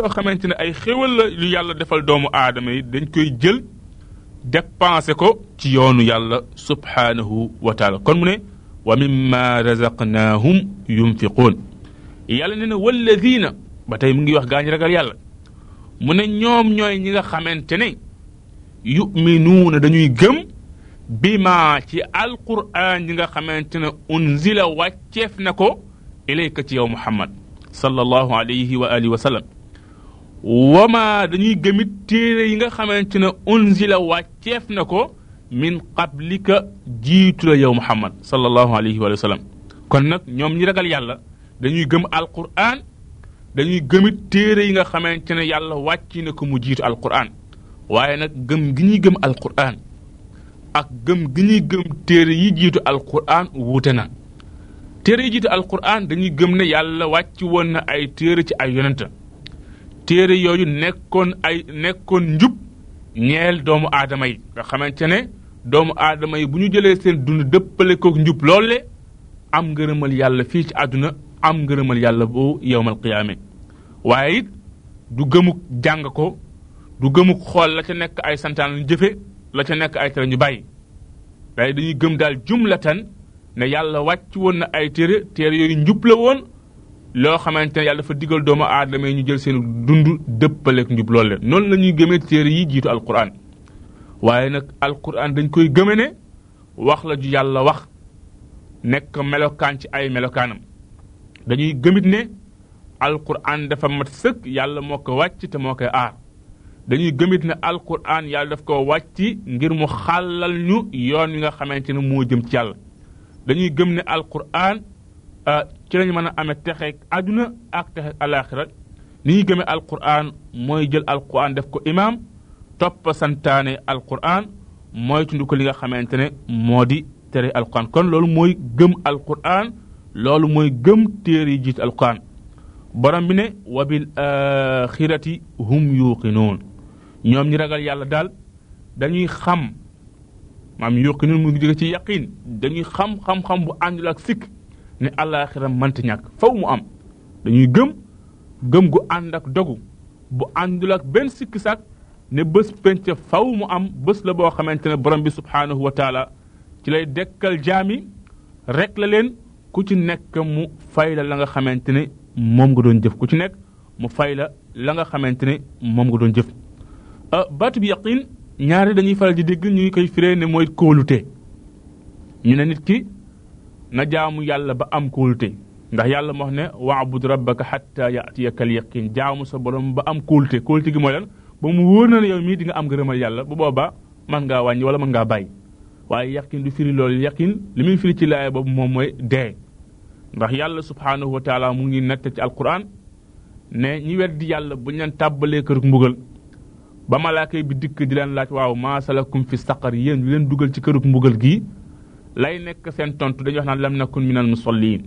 yoo xamante ne ay xéwal la yu yàlla defal doomu aadama yi dañ koy jël dépensé ko ci yoonu yàlla subhanahu wa taala kon mu ne wa mimma razaqnahum yunfiquun yàlla ne na walladina ba tey mu ngi wax gaañ ragal yàlla mu ne ñoom ñooy ñi nga xamante ne yuminuuna dañuy gëm bima ci alquran yi nga xamante ne unzila wàcceef na ko ilayka ci yow muhammad sallallahu alayhi wa alihi wa sallam wama dañuy gëmit téere yi nga xamante ne unzila wàcceef na ko min qablika jiitu la yow muhammad sallallahu alayhi wa sallam kon nag ñoom ñi ragal yàlla dañuy gëm alquran dañuy gëmit téere yi nga xamante ne yàlla wàcc na ko mu jiitu alquran waaye nag gëm gi ñuy gëm alquran ak gëm gi ñuy gëm téere yi jiitu alquran wuute na téere yi jiitu alquran dañuy gëm ne yàlla wàcc woon na ay téere ci ay yonanta. téere yooyu nekkoon ay nekkoon njub ñeel doomu aadama yi nga xamante ne doomu aadama yi bu ñu jëlee seen dund dëppale kook njub loole am ngërëmal yàlla fii ci àdduna am ngërëmal yàlla bu yowmal qiyaame waaye it du gëmuk jàng ko du gëmuk xool la ca nekk ay santaan jëfe la ca nekk ay tere ñu bàyyi waaye dañuy gëm daal jumlatan ne yàlla wàcc woon na ay téere téere yooyu njub la woon loo xamante ne yàlla dafa diggal doomu aadama yi ñu jël seen dund dëppaleek njub loolu leen noonu la ñuy gëmee téere yi jiitu alquran waaye nag alquran dañ koy gëme ne wax la ju yàlla wax nekk melokaan ci ay melokaanam dañuy gëmit ne alquran dafa mat sëkk yàlla moo ko wàcc te moo koy aar dañuy gëmit ne alquran yàlla daf ko wàcc ngir mu xàllal ñu yoon yi nga xamante ne moo jëm ci yàlla dañuy gëm ne alquran euh, ci lañu mën a amee texeeg àdduna ak texeeg alaxira ni ñuy gëmee alquran mooy jël alquran def ko imam topp santaane alquran mooy tundu ko li nga xamante ne moo di tere alquran kon loolu mooy gëm alquran loolu mooy gëm téere yi jiit alquran borom bi ne wa bil axirati hum yuqinuun ñoom ñi ragal yàlla daal dañuy xam maam yuqinuun mu ngi jóge ci yaqin dañuy xam xam xam bu àndul ak sikk ne àllaaxira mënta ñàkk faw mu am dañuy gëm gëm gu ànd ak dogu bu àndul ak benn sikki ne bés penc faw mu am bés la boo xamante ne borom bi subhaanahu wa taala ci lay dekkal jaami rek la leen ku ci nekk mu fay la la nga xamante ne moom nga doon jëf ku ci nekk mu fay la la nga xamante ne moom nga doon jëf euh, baatu bi yaqin ñaari dañuy faral di dégg ñu koy firee ne mooy kóolute ñu ne nit ki na jaamu yàlla ba am kóolute ndax yàlla moo wax ne waabud rabbaka xatta yatiyaka al yaqin jaamu sa borom ba am kóolute kóolute gi mooy lan ba mu wóor na ne yow mii di nga am ngërëmal yàlla bu boobaa mën ngaa wàññi wala mën ngaa bàyyi waaye yaqin du firi loolu yaqin li muy firi ci laaya boobu moom mooy dee ndax yàlla subhaanahu wa mu ngi nett ci alquran ne ñi weddi yàlla bu ñu tàbbalee kër mbugal ba malaaka bi dikk di leen laaj waaw maa salakum fi saqar yéen ñu leen dugal ci kërug mbugal gii lay nekk seen tontu dañuy wax naan lam nakun min almusallin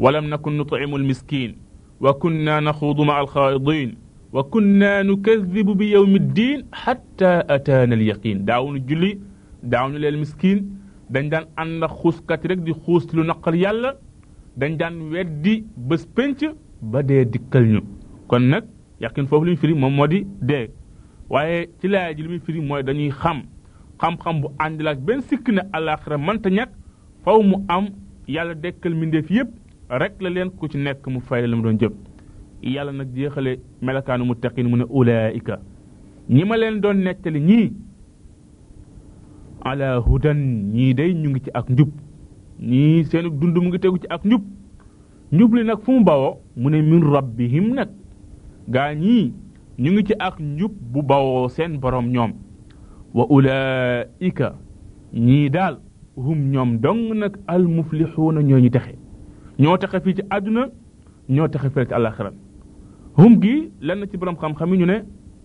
wa lam nakun nutcimu almiskin wa kunna naxuudu ma alxaidin wa kunna nukadibu bi yowmi ddin xatta ataana alyaqin daawunu julli daawunu leel miskin dañ daan ànd ak xuuskat rek di xuus lu naqar yàlla dañ daan weddi bés penc ba dee dikkal ñu kon nag yaqin foofu li mu firi moom moo di dee waaye ci laaya ji li muy firi mooy dañuy xam xam-xam bu àndil ak benn sikk ne àllaaxira mënta faw mu am yàlla dekkal mbindeef yépp rek la leen ku ci nekk mu fay la mu doon jëf yàlla nag jeexale melakaanu muttaqiin mu ne ika ñi ma leen doon nettali ñii ala hudan ñii day ñu ngi ci ak njub ñii seen dund mu ngi tegu ci ak njub njub nag fu mu bawoo mu ne min rabbihim nag gaa ñii ñu ngi ci ak njub bu bawoo seen boroom ñoom wa ulaika ñi daal hum ñoom dong nag al muflihuna ñoo ñu taxe ñoo taxe fii ci àdduna ñoo taxe fii ci alaxira hum gi lenn ci borom xam-xam ñu ne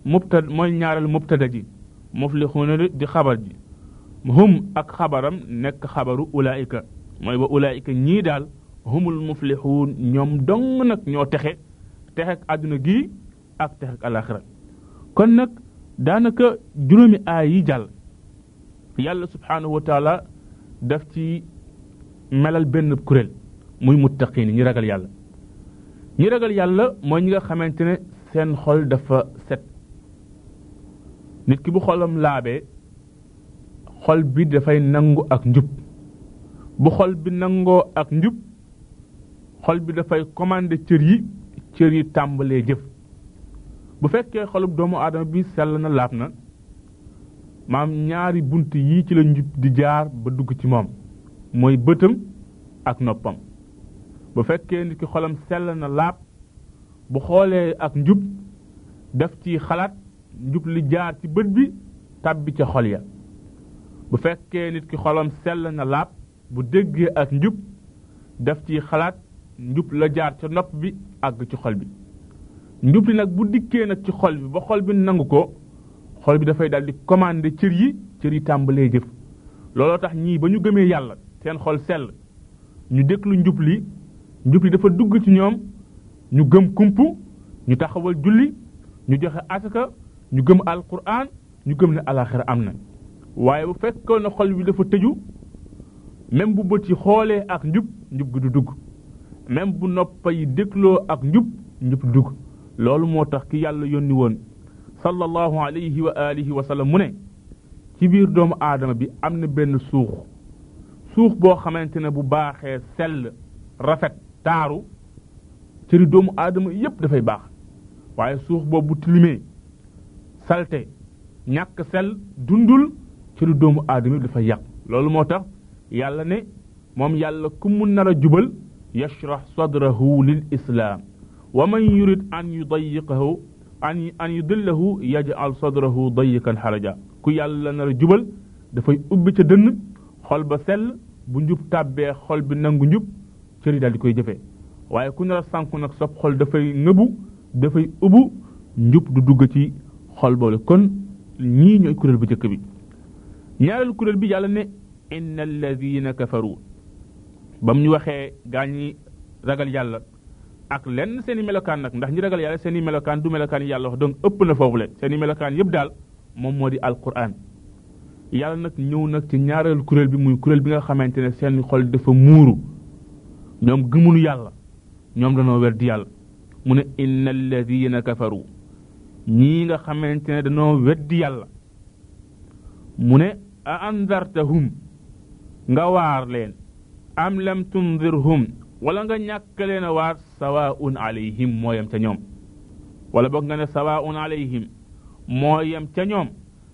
mubtad mooy ñaaral mubtada ji muflihuna di xabar ji hum ak xabaram nekk xabaru ulaika mooy wa ulaika ñii daal humul muflihun ñoom dong nag ñoo texe texe ak àdduna gi ak texe ak alaxira kon nag daanaka juróomi aay yi jàll yàlla subhaanahu wa taala daf ci melal benn kuréel muy muttaqiin ñi ragal yàlla ñi ragal yàlla mooy ñi nga xamante ne seen xol dafa set nit ki bu xolam laabee xol bi dafay nangu ak njub bu xol bi nangoo ak njub xol bi dafay commandé cër yi cër yi tàmbalee jëf bu fekkee xolub doomu aadama bi sell na laab na maam ñaari bunt yi ci la njub di jaar ba dugg ci moom mooy bëtam ak noppam bu fekkee nit ki xolam sell na laab bu xoolee ak njub def ci xalaat njub li jaar ci bët bi tàbbi ca xol ya bu fekkee nit ki xolam sell na laab bu déggee ak njub def ci xalaat njub la jaar ca nopp bi àgg ci xol bi njub li nag bu dikkee nag ci xol bi ba xol bi nangu ko xol bi dafay daal di commandé cër yi cër yi tàmbalee jëf looloo tax ñii ba ñu gëmee yàlla seen xol sell ñu déglu njub li njub li dafa dugg ci ñoom ñu gëm kumpu ñu taxawal julli ñu joxe asaka ñu gëm alquran ñu gëm ne alaxira am na waaye bu fekkoon na xol bi dafa tëju même bu bët yi xoolee ak njub njub gi du dugg même bu noppa yi dégloo ak njub njub du dugg loolu moo tax ki yàlla yónni woon sallallahu alayhi wa alihi wa sallam mu ne ci biir doomu aadama bi am na benn suux suux boo xamante ne bu baaxee sell rafet taaru cëri doomu aadama yépp dafay baax waaye suux boobu bu tilimee salte ñàkk sell dundul cëri doomu aadama yépp dafay yàq loolu moo tax yàlla ne moom yàlla ku mu nar a jubal yashrah sadrahu lil islam wa man yurid an yu an an yudillahu yaj'al sadrahu dayiqan xaraja ku yàlla nar a jubal dafay ubbi ca dënn xol ba sell bu njub tàbbee xol bi nangu njub cëri daal di koy jëfe waaye ku nar a sànku nag sob xol dafay nëbu dafay ubbu njub du dugg ci xol boole kon ñii ñooy kuréel bu njëkk bi ñaareel kuréel bi yàlla ne inna alladina kafaru bam ñu waxee gaa ñi ragal yàlla ak lenn seen i melokaan nag ndax ñi ragal yàlla seen i melokaan du melokaan yàlla wax donc ëpp na foofu le seen i melokaan yëpp daal moom moo di alquran yàlla nag ñëw nag ci ñaareelu kuréel bi muy kuréel bi nga xamante ne seen xol dafa muuru ñoom gëmunu yàlla ñoom danoo wer di yàlla mu ne inna alladina kafaru ñii nga xamante ne danoo weddi yàlla mu ne a andartahum nga waar leen am lam tundirhum wala nga ñàkk leen a waar sawaun alayhim moo yem ca ñoom wala boog nga ne sawaun alayhim moo yem ca ñoom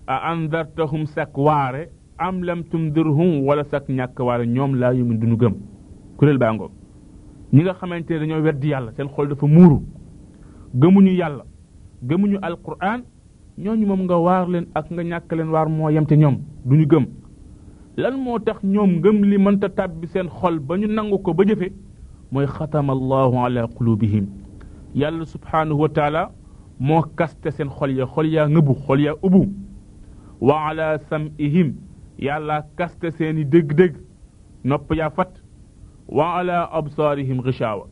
a andartahum sak waare am lam tundirhum wala sak ñàkk waare ñoom laa yumin duñu gëm kuréel baa ngoog ñi nga xamante ne dañoo weddi yàlla seen xol dafa muuru gëmuñu yàlla gëmuñu alquran ñooñu moom nga waar leen ak nga ñàkk leen waar moo yem ca ñoom duñu gëm lan moo tax ñoom ngëm li mënta tàbbi seen xol ba ñu nangu ko ba jëfe moy khatam allah ala qulubihim yàlla subhanahu wa taala mo kaste sen xol ya xol ya ngëbu xol ya ubu wa ala sam'ihim yàlla kaste sen deug deug nop ya fat wa ala absarihim ghishawa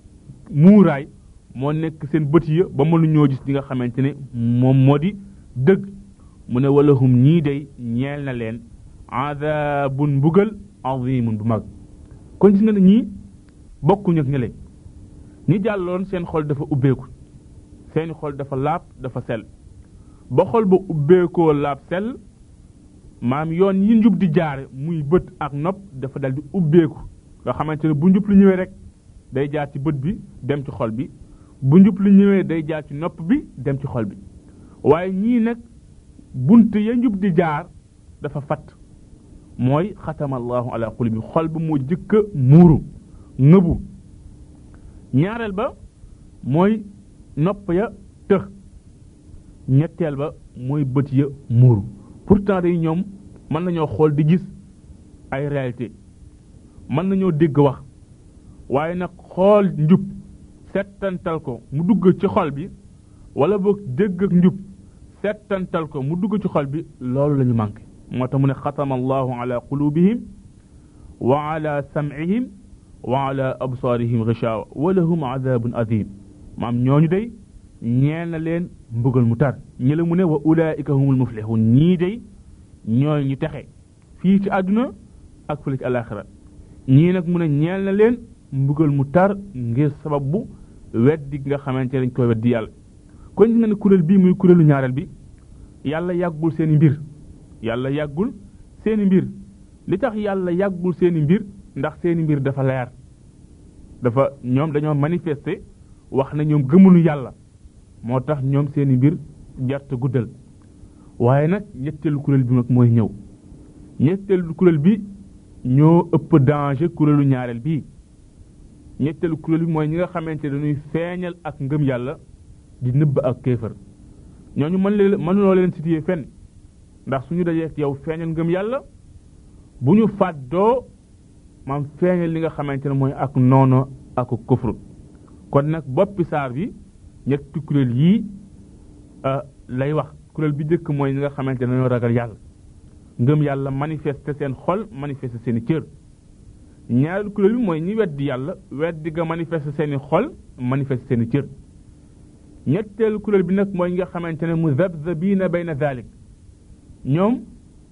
muray mo nek sen beuti ya ba mënu ñoo gis li nga xamantene mom modi deug mu ne wala hum ñii day ñeel na len adabun bugal azimun bu mag kon gis nga ni bokkuñu ak ñële ñi jàlloon seen xol dafa ubbeeku seeni xol dafa laab dafa sel ba xol ba ubbeekoo laab sell maam yoon yi njub di jaar muy bët ak nopp dafa dal ubbiku ubbeeku nga xamante ne bu njub lu ñëwee rek day jaar ci bët bi dem ci xol bi bu njub li ñëwee day jaar ci nopp bi dem ci xol bi waaye ñii nag bunt ya njub di jaar dafa fatt mooy xatama allahu ala xol ba moo jëkka muuru nëbu ñaareel ba mooy nopp ya tëx ñetteel ba mooy bët ya muuru pourtant day ñoom mën nañoo xool di gis ay réalité mën nañoo dégg wax waaye nag xool njub settantal ko mu dugg ci xol bi wala boog dégg ak njub settantal ko mu dugg ci xol bi loolu lañu mànk moo tax mu ne xatama allahu ala wa ala sam'ihim وعلى أبصارهم غشاوة ولهم عذاب أذيب maam ñooñu day ñeel na leen mbugal mu tar ñi la mu ne wa ulaika humul muflihun ñii day ñooy ñu texe fii ci àdduna ak fële ci alaxira ñii nag mu ne ñeel na leen mbugal mu tar ngir sabab bu weddi nga xamante lañ koy weddi yàlla kon nga ne kuréel bii muy kuréelu ñaareel bi yàlla yàggul seeni mbir yàlla yàggul seeni mbir li tax yàlla yàggul seeni mbir ndax seeni mbir dafa leer dafa ñoom dañoo manifester wax na ñoom gëmunu yàlla moo tax ñoom seeni mbir jarte guddal waaye nag ñetteelu kuréel bi mooy ñëw ñetteelu kuréel bi ñoo ëpp danger kuréelu ñaareel bii ñetteelu kuréel bi mooy ñi nga xamante dañuy feeñal ak ngëm yàlla di nëbb ak kéefër ñooñu mën leen mënuloo leen situé fenn ndax suñu dajee yow feeñal ngëm yàlla bu ñu fàddoo maam feeñal li nga xamante ne mooy ak noono ak kufru kon nag boppi saar bi ñetti kuréel yii lay wax kuréel bi dëkk mooy ñi nga xamante ne dañoo ragal yàlla ngëm yàlla manifester seen xol manifester seen i cër ñaareelu kuréel bi mooy ñi weddi yàlla weddi ga manifester seen xol manifester seen i cër ñetteelu kuréel bi nag mooy nga xamante ne mu zabzabina bayna dalik ñoom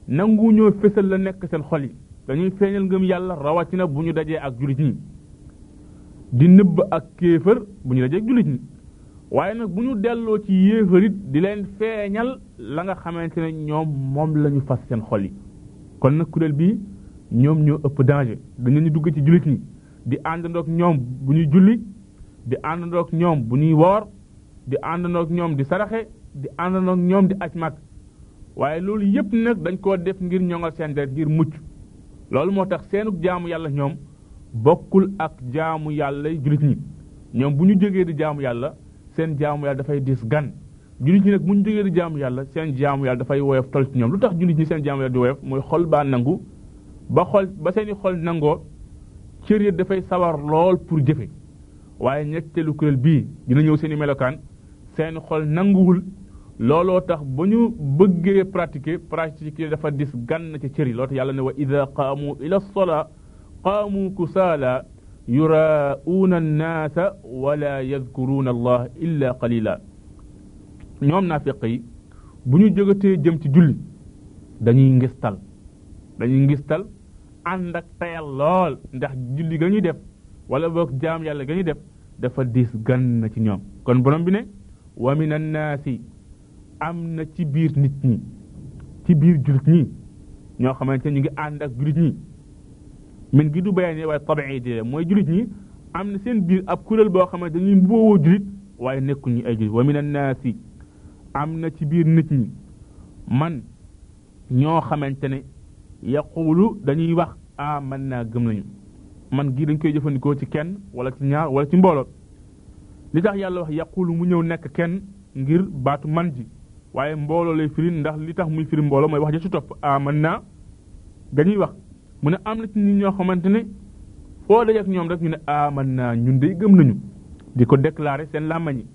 nangu ñoo fësal la nekk seen xol yi dañuy feeñal ngëm yàlla rawatina bu ñu dajee ak julit ñi di nëbb ak kéefër bu ñu dajee ak julit ñi waaye nag bu ñu delloo ci yéefarit di leen feeñal la nga xamante ne ñoom moom fas seen xol yi kon nag kuréel bi ñoom ñoo ëpp danger dañu ñu dugg ci julit ñi di àndandoog ñoom bu ñuy julli di àndandoog ñoom bu ñuy di àndandoog ñoom di saraxe di àndandoog ñoom di aj mag waaye loolu yépp nag dañ koo def ngir ñongal seen deret ngir mucc loolu moo tax seenu jaamu yàlla ñoom bokkul ak jaamu yàlla jullit ñi ñoom bu ñu jógee di jaamu yàlla seen jaamu yàlla dafay diis gan jullit ñi nag bu ñu jógee di jaamu yàlla seen jaamu yàlla dafay woyof tol ci ñoom lu tax jullit ñi seen jaamu yàlla di woyof mooy xol baa nangu ba xol ba seeni xol nangoo cër yi dafay sawar lool pour jëfe waaye ñetteelu kuréel bii dina ñëw seeni melokaan seeni xol nanguwul looloo tax ba ñu bëggee pratike pratiquer dafa dis gànn ci cër yi loolu yàlla ne wa ida qaamu ila sola qaamu kusaala yuraauuna annaasa wala yadkuruuna allah illa qalila ñoom naafiq yi bu ñu jógatee jëm ci julli dañuy ngistal dañuy ngistal ànd ak tayal lool ndax julli ga def wala boog jaam yàlla ga def dafa diis gan ci ñoom kon borom bi ne wa min annaasi am na ci biir nit ñi ci biir jullit ñi ñoo xamante ñu ngi àndak ak jullit ñi min gi du bayaan yi waaye tabii di mooy jullit ñi am na seen biir ab kuréel boo xamante dañuy mboowoo jullit waaye nekkuñu ay jullit wa min annaasi am na ci biir nit ñi man ñoo xamante ne yaquulu dañuy wax ah man naa gëm nañu man gii dañ koy jëfandikoo ci kenn wala ci ñaar wala ci mbooloo li tax yàlla wax yaquulu mu ñëw nekk kenn ngir baatu man ji waaye mbooloo lay firi ndax li tax muy firi mbooloo mooy wax ja ci topp aman naa dañuy wax mu ne am na ci nit ñoo xamante ne foo dajeek ñoom rek ñu ne aman naa ñun day gëm nañu di ko déclarer seen làmmañ yi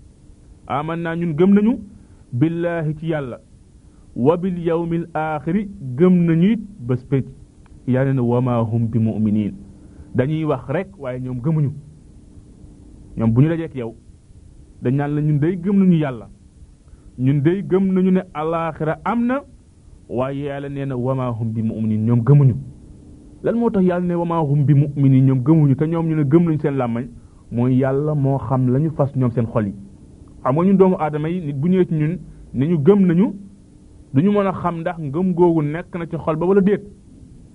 aman naa ñun gëm nañu billaahi ci yàlla wa bil yawmil aaxiri gëm nañu it bés pénc yàlla ne wama hum bi muminin dañuy wax rek waaye ñoom gëmuñu ñoom bu ñu dajeek yow dañ naan la ñun day gëm nañu yàlla ñun dey gëm nañu ne alaaxira am na waaye yàlla nee na wamaa hum bi nii ñoom gëmuñu lan moo tax yàlla ne wamaa hum bi nii ñoom gëmuñu te ñoom ñu ne gëm nañu seen làmmañ mooy yàlla moo xam la ñu fas ñoom seen xol yi xam nga ñun doomu aadama yi nit bu ñëwee ci ñun ne ñu gëm nañu duñu mën a xam ndax ngëm googu nekk na ci xol ba wala déet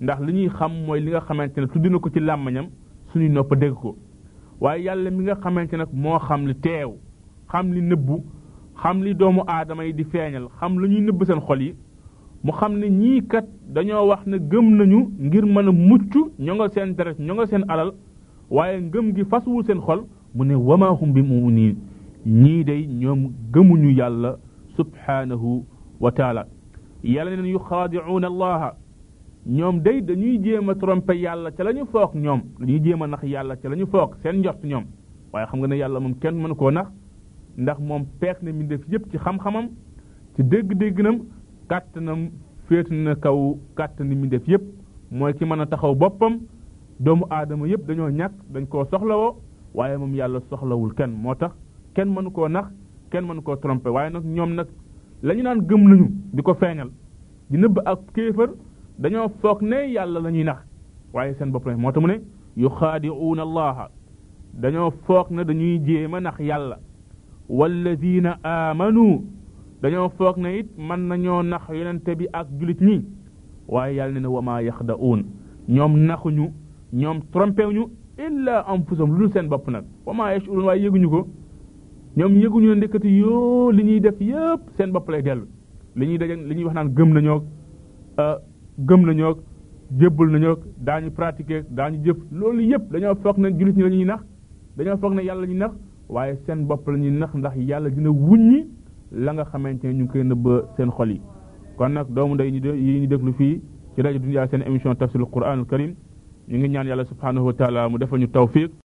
ndax li ñuy xam mooy li nga xamante ne tudd na ko ci làmmañam suñuy nopp dégg ko waaye yàlla mi nga xamante nag moo xam li teew xam li nëbbu xam li doomu aadama yi di feeñal xam lu ñuy nëbb seen xol yi mu xam ne ñii kat dañoo wax ne gëm nañu ngir mën a mucc ño seen deret ñonga seen alal waaye ngëm gi faswul seen xol mu ne hum bi muminin ñii day ñoom gëmuñu yàlla subhanahu wa taala yàlla neen yu xaadicuuna allaha ñoom day dañuy jéem a trompé yàlla ca la ñu foog ñoom dañuy jéem a nax yàlla ca la ñu foog seen njort ñoom waaye xam nga ne yàlla moom kenn mënu koo nax ndax moom peek na mbindeef yépp ci xam-xamam ci degg nam kàttanam féet na kaw kàttan mbindeef yépp mooy ki mën a taxaw boppam doomu aadama yépp dañoo ñàkk dañ koo soxlawoo waaye moom yàlla soxlawul kenn moo tax kenn mënu koo nax kenn mënu koo trompé waaye nag ñoom nag lañu naan gëm nañu di ko feeñal di nëbb ak kéefër dañoo foog ne yàlla la ñuy nax waaye seen bopp moo tax mu ne yuxaadiuuna allaha dañoo foog ne dañuy jéem a nax yàlla والذين آمنوا دانيو فوك نيت من نانيو نخ يوننت بي اك جوليت ني واي يالني وما يخدعون نيوم نخو ني نيوم ترومبيو ني الا انفسهم لول سين بوب نا وما يشعرون واي ييغو نيوكو نيوم ييغو ني نديكتي يو لي ني ديف ييب سين بوب لاي ديل لي ني دجان لي ني واخ نان گم نانيو ا گم نانيو جيبول نانيو داني براتيكي داني جيف لول ييب دانيو فوك نيت جوليت ني لي ني نخ دانيو فوك نيت يالا ني نخ waaye seen bopp la ñuy nax ndax yàlla dina wuññi la nga xamante ne ñu ngi koy nëbb seen xol yi kon nag doomu day yi ñu déglu fii ci rajo Dunya seen émission tafsirul Qur'anul Karim ñu ngi ñaan yàlla subhanahu wa taala mu defal ñu tawfiq